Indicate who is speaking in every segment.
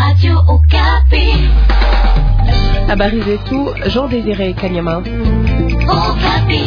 Speaker 1: Radio Okapi.
Speaker 2: Habari zetu Jean Désiré Kanyama.
Speaker 1: Okapi.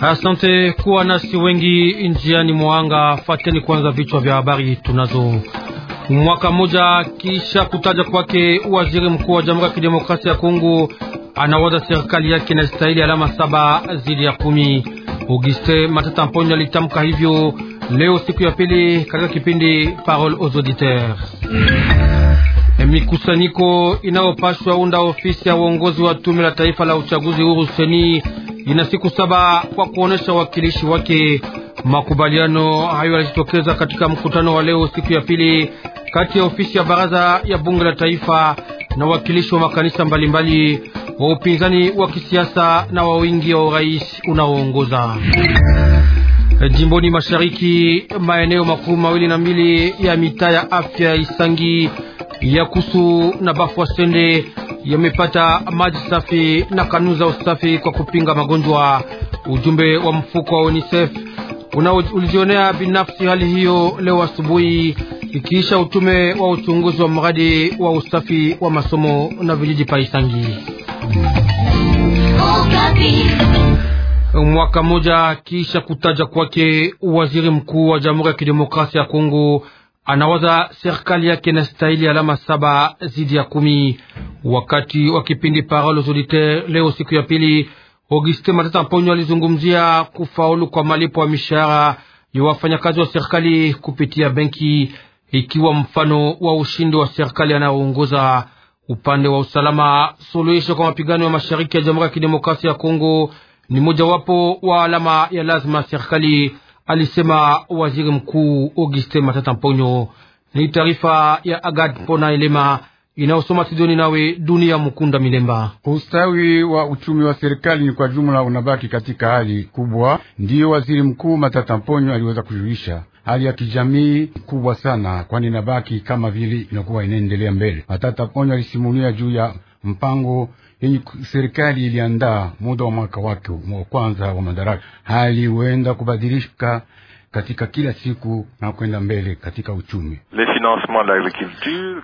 Speaker 3: Asante kuwa nasi wengi njiani mwanga. Fateni kwanza vichwa vya habari tunazo Mwaka mmoja kisha kutaja kwake, waziri mkuu wa Jamhuri ya Kidemokrasia ya Kongo anawaza serikali yake na stahili alama saba zidi ya kumi. Auguste Matata Mponyo alitamka hivyo leo siku ya pili katika kipindi Parole aux auditeurs. Mikusanyiko inayopashwa unda ofisi ya uongozi wa tume la taifa la uchaguzi huru seni ina siku saba kwa kuonesha wakilishi wake. Makubaliano hayo yalijitokeza katika mkutano wa leo siku ya pili kati ya ofisi ya baraza ya bunge la taifa na uwakilishi wa makanisa mbalimbali wa upinzani wa kisiasa na wa wingi wa urais unaoongoza jimboni mashariki. Maeneo makumi mawili na mbili ya mitaa ya afya ya Isangi, kusu na sende yamepata maji safi na kanuni za usafi kwa kupinga magonjwa. Ujumbe wa mfuko wa UNICEF ulijionea binafsi hali hiyo leo asubuhi ikiisha utume wa uchunguzi wa mradi wa usafi wa masomo na vijiji Paisangi. Mwaka mmoja kisha kutaja kwake, waziri mkuu wa Jamhuri ya Kidemokrasia ya Kongo anawaza serikali yake na stahili alama saba zidi ya kumi. Wakati wa kipindi Parole aux auditeurs leo siku ya pili, Auguste Matata Mponyo alizungumzia kufaulu kwa malipo ya mishahara ya wafanyakazi wa serikali kupitia benki ikiwa mfano wa ushindi wa serikali anayoongoza upande wa usalama. Suluhisho kwa mapigano ya mashariki ya Jamhuri ya Kidemokrasia ya Kongo ni mojawapo wa alama ya lazima ya serikali, alisema waziri mkuu Auguste Matata Mponyo. Ni taarifa ya Agad Pona Elema inayosoma Tidoni nawe Dunia Mukunda Milemba.
Speaker 2: Ustawi wa uchumi wa serikali ni kwa jumla unabaki katika hali kubwa, ndiyo waziri mkuu Matata Mponyo aliweza kujulisha hali ya kijamii kubwa sana, kwani nabaki kama vile inakuwa inaendelea mbele. Matata Ponyo alisimulia juu ya mpango yenye serikali iliandaa muda wa mwaka wake wa kwanza wa madaraka. Hali huenda kubadilika katika kila siku na kwenda mbele katika uchumi.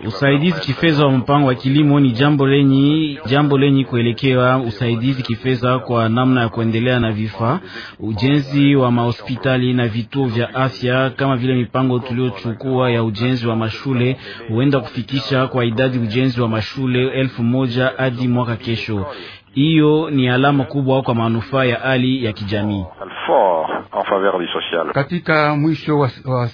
Speaker 2: Usaidizi kifedha
Speaker 1: wa mpango wa kilimo ni jambo lenye jambo lenye kuelekewa usaidizi kifedha kwa namna ya kuendelea na vifaa, ujenzi wa mahospitali na vituo vya afya, kama vile mipango tuliochukua ya ujenzi wa mashule, huenda kufikisha kwa idadi ujenzi wa mashule elfu moja hadi mwaka kesho. Hiyo ni alama kubwa kwa manufaa ya hali ya kijamii
Speaker 2: fort en faveur du social.
Speaker 1: Katika
Speaker 2: mwisho wa, wa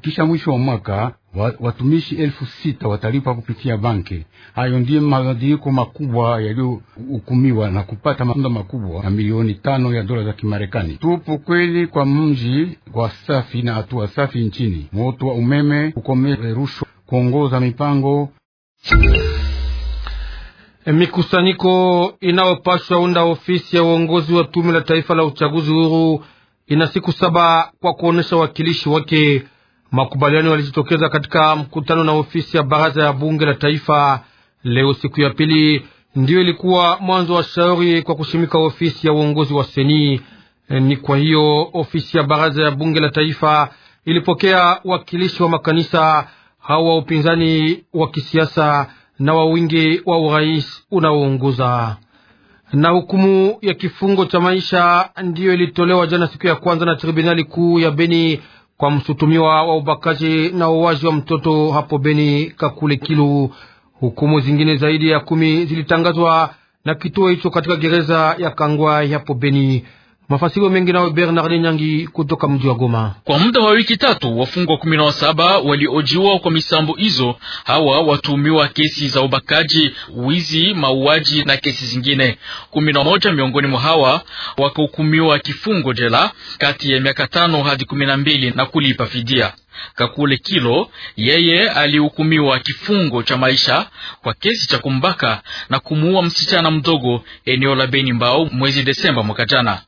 Speaker 2: kisha mwisho wa mwaka watumishi elfu sita watalipa kupitia banki. Hayo ndiye mabadiliko makubwa yaliyohukumiwa na kupata matunda makubwa na milioni tano ya dola za Kimarekani. Tupo kweli kwa mji wa safi na hatua safi nchini, moto wa umeme, kukomesha rushwa, kuongoza mipango
Speaker 3: E, mikusanyiko inayopashwa unda ofisi ya uongozi wa tume la taifa la uchaguzi huru ina siku saba kwa kuonesha wakilishi wake. Makubaliano yalijitokeza katika mkutano na ofisi ya baraza ya bunge la taifa leo, siku ya pili ndiyo ilikuwa mwanzo wa shauri kwa kushimika ofisi ya uongozi wa seni. E, ni kwa hiyo ofisi ya baraza ya bunge la taifa ilipokea wakilishi wa makanisa hao wa upinzani wa kisiasa na wa wingi wa urais unaoongoza. Na hukumu ya kifungo cha maisha ndiyo ilitolewa jana siku ya kwanza na tribunali kuu ya Beni kwa msutumiwa wa ubakaji na uwaji wa mtoto hapo Beni Kakule Kilu. Hukumu zingine zaidi ya kumi zilitangazwa na kituo hicho katika gereza ya kangwai hapo Beni. Mafasiri mengi nao Bernard Nyangi kutoka mji wa Goma.
Speaker 1: Kwa muda wa wiki tatu, wafungwa kumi na saba waliojiwa kwa misambo hizo, hawa watuhumiwa kesi za ubakaji, wizi, mauaji na kesi zingine. Kumi na moja miongoni mwa hawa wakahukumiwa kifungo jela kati ya miaka tano hadi kumi na mbili na kulipa fidia. Kakule Kilo yeye alihukumiwa kifungo cha maisha kwa kesi cha kumbaka na kumuua msichana mdogo eneo la Beni Mbao mwezi Desemba mwaka jana.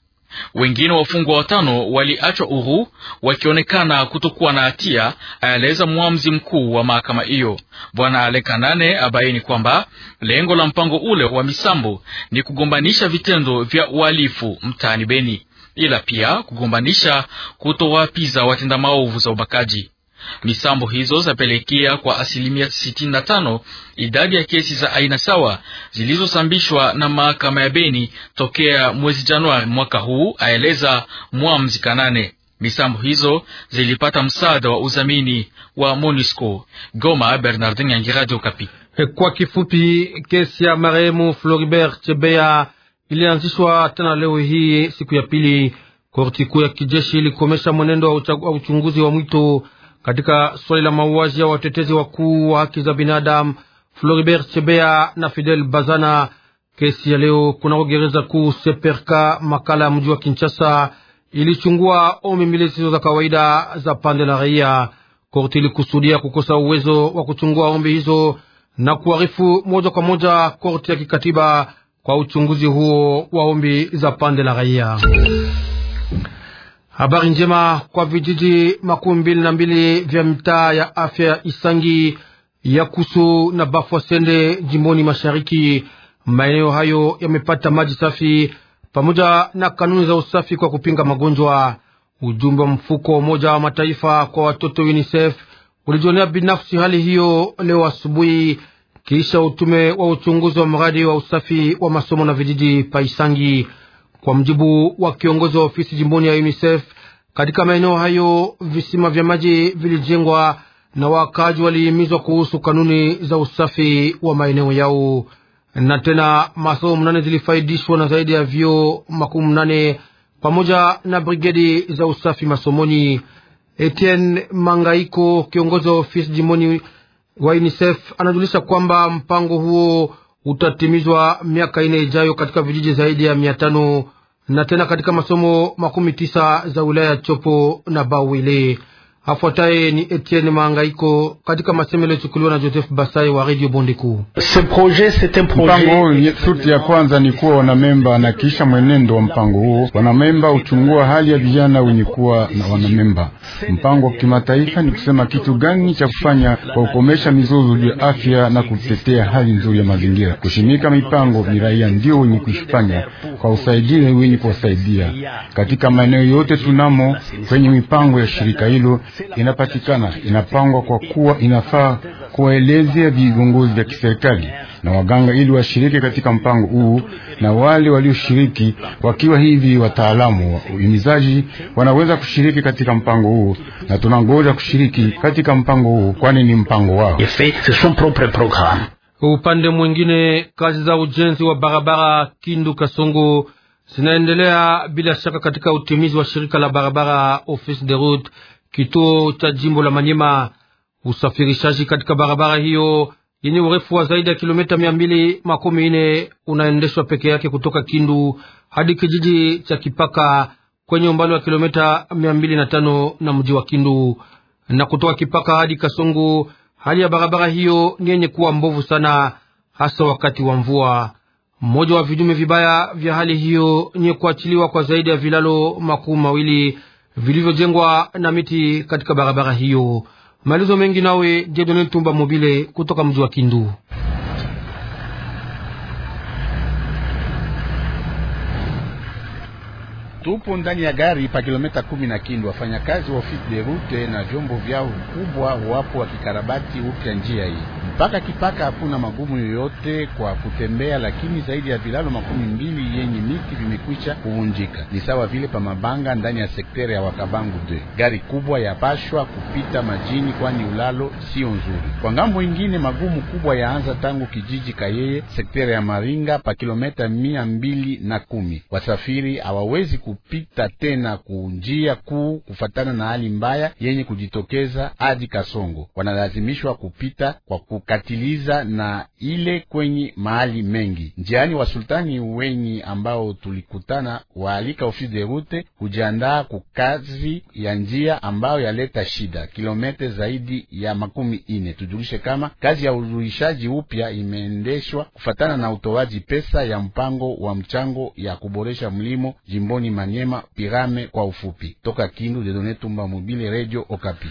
Speaker 1: Wengine wafungwa watano waliachwa huru wakionekana kutokuwa na hatia, aeleza mwamzi mkuu wa mahakama hiyo Bwana Alekanane. Abaini kwamba lengo la mpango ule wa misambo ni kugombanisha vitendo vya uhalifu mtaani Beni, ila pia kugombanisha kutowapiza watenda maovu za ubakaji. Misambo hizo zapelekea kwa asilimia 65 idadi ya kesi za aina sawa zilizosambishwa na mahakama ya Beni tokea mwezi Januari mwaka huu, aeleza Mwamzi Kanane. Misambo hizo zilipata msaada wa uzamini wa MONUSCO. Goma, Bernardin Yangi, Radio Kapi.
Speaker 3: Kwa kifupi, kesi ya marehemu Floribert chebea ilianzishwa tena leo hii siku ya pili. Korti kuu ya kijeshi ilikomesha mwenendo wa uchunguzi wa mwito katika swali la mauaji ya watetezi wakuu wa haki za binadamu Floribert Chebea na Fidel Bazana. Kesi ya leo kunako gereza kuu Seperka makala ya mji wa Kinshasa ilichungua ombi mbili zisizo za kawaida za pande la raia. Korti ilikusudia kukosa uwezo wa kuchungua ombi hizo na kuarifu moja kwa moja korti ya kikatiba kwa uchunguzi huo wa ombi za pande la raia. Habari njema kwa vijiji makumi mbili na mbili vya mitaa ya afya ya Isangi, Yakusu na Bafwasende jimboni mashariki. Maeneo hayo yamepata maji safi pamoja na kanuni za usafi kwa kupinga magonjwa. Ujumbe wa mfuko wa Umoja wa Mataifa kwa watoto UNICEF ulijionea binafsi hali hiyo leo asubuhi kisha utume wa uchunguzi wa mradi wa usafi wa masomo na vijiji pa Isangi. Kwa mjibu wa kiongozi wa ofisi jimboni ya UNICEF, katika maeneo hayo visima vya maji vilijengwa na wakaaji walihimizwa kuhusu kanuni za usafi wa maeneo yao, na tena masomo mnane zilifaidishwa na zaidi ya vyo makumi mnane pamoja na brigedi za usafi masomoni. Etienne Mangaiko, kiongozi wa ofisi jimboni wa UNICEF, anajulisha kwamba mpango huo utatimizwa miaka ine ijayo katika vijiji zaidi ya mia tano na tena katika masomo makumi tisa za wilaya Chopo na Bawile. Afuataye ni Etienne Maangaiko katika masemo yaliyochukuliwa na Joseph Basai wa Radio Bondeku. Mpango huu
Speaker 2: ya kwanza ni kuwa wanamemba na kisha mwenendo wa mpango huo. Wanamemba huchungua hali ya vijana wenye kuwa na wanamemba. Mpango wa kimataifa ni kusema kitu gani cha kufanya kwa kukomesha mizozo juu ya afya na kutetea hali nzuri ya mazingira. Kushimika mipango ni raia ndio wenye kuifanya kwa usaidizi wenye kuwasaidia katika maeneo yote tunamo kwenye mipango ya shirika hilo inapatikana, inapangwa kwa kuwa inafaa kuwaelezea viongozi vya kiserikali na waganga ili washiriki katika mpango huu, na wale walioshiriki wakiwa hivi wataalamu wa uhimizaji wanaweza kushiriki katika mpango huu, na tunangoja kushiriki katika mpango huu, kwani ni mpango
Speaker 4: wao.
Speaker 3: Upande mwingine, kazi za ujenzi wa barabara Kindu Kasongo zinaendelea bila shaka katika utimizi wa shirika la barabara Office de Route kituo cha jimbo la Manyema. Usafirishaji katika barabara hiyo yenye urefu wa zaidi ya kilomita mia mbili makumi nne unaendeshwa peke yake kutoka Kindu hadi kijiji cha Kipaka kwenye umbali wa kilomita mia mbili na tano na mji wa Kindu, na kutoka Kipaka hadi Kasongo. Hali ya barabara hiyo ni yenye kuwa mbovu sana, hasa wakati wa mvua. Mmoja wa vijume vibaya vya hali hiyo ni kuachiliwa kwa zaidi ya vilalo makuu mawili vilivyojengwa na miti katika barabara hiyo. Malizo mengi nawe Jedone Tumba Mobile kutoka mji wa Kindu.
Speaker 4: Tupo ndani ya gari pa kilomita kumi na Kindu. Wafanyakazi wa ofisi de route na vyombo vyao vikubwa wapo wakikarabati upya njia hii mpaka kipaka. Hakuna magumu yoyote kwa kutembea, lakini zaidi ya vilalo makumi mbili yenye miti imekwisha kuvunjika. Ni sawa vile pa Mabanga ndani ya sekteri ya Wakabangu de gari kubwa yapashwa kupita majini, kwani ulalo sio nzuri. Kwa ngambo ingine, magumu kubwa yaanza tangu kijiji Kayeye sekteri ya Maringa pa kilometa mia mbili na kumi. Wasafiri hawawezi kupita tena kunjia kuu kufatana na hali mbaya yenye kujitokeza hadi Kasongo, wanalazimishwa kupita kwa kukatiliza na ile kwenye mahali mengi njiani. Wasultani wenye ambao tuliku kukutana waalika ofisi de rute kujiandaa kukazi ya njia ambayo yaleta shida kilomete zaidi ya makumi ine. Tujulishe kama kazi ya uzuishaji upya imeendeshwa kufatana na utoaji pesa ya mpango wa mchango ya kuboresha mlimo jimboni Manyema, Pirame kwa ufupi. Toka Kindu, Dedone Tumba Mobile, Radio Okapi.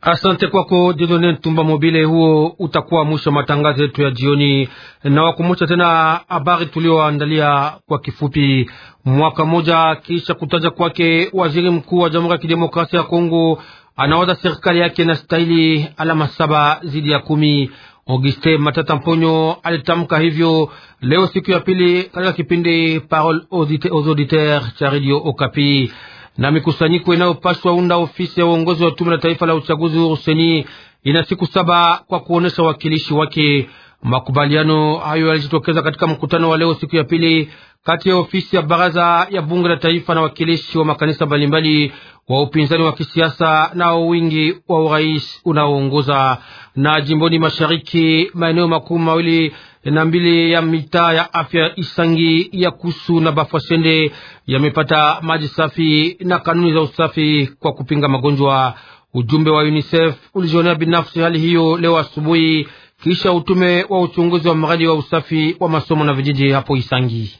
Speaker 3: Asante kwako Dieudonne Ntumba Mobile. Huo utakuwa mwisho wa matangazo yetu ya jioni, na wakumbusha tena habari tulioandalia kwa kifupi. Mwaka mmoja kisha kutaja kwake waziri mkuu wa Jamhuri ya Kidemokrasia ya Kongo anawaza serikali yake na stahili alama saba zidi ya kumi. Auguste Matata Mponyo alitamka hivyo leo siku ya pili katika kipindi Parole aux auditeurs cha Radio Okapi na mikusanyiko inayopashwa unda ofisi ya uongozi wa tume la taifa la uchaguzi huru seni ina siku saba kwa kuonesha wakilishi wake. Makubaliano hayo yalijitokeza katika mkutano wa leo siku ya pili kati ya ofisi ya baraza ya bunge la taifa na wakilishi wa makanisa mbalimbali wa upinzani wa kisiasa na wingi wa urais unaoongoza na jimboni mashariki maeneo makuu mawili na mbili ya mitaa ya afya Isangi ya Kusu na Bafwashende yamepata maji safi na kanuni za usafi kwa kupinga magonjwa. Ujumbe wa UNICEF ulijionea binafsi hali hiyo leo asubuhi kisha utume wa uchunguzi wa mradi wa usafi wa masomo na vijiji hapo Isangi.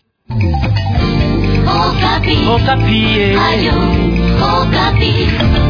Speaker 1: Okapi. Okapi. Eh. Okapi.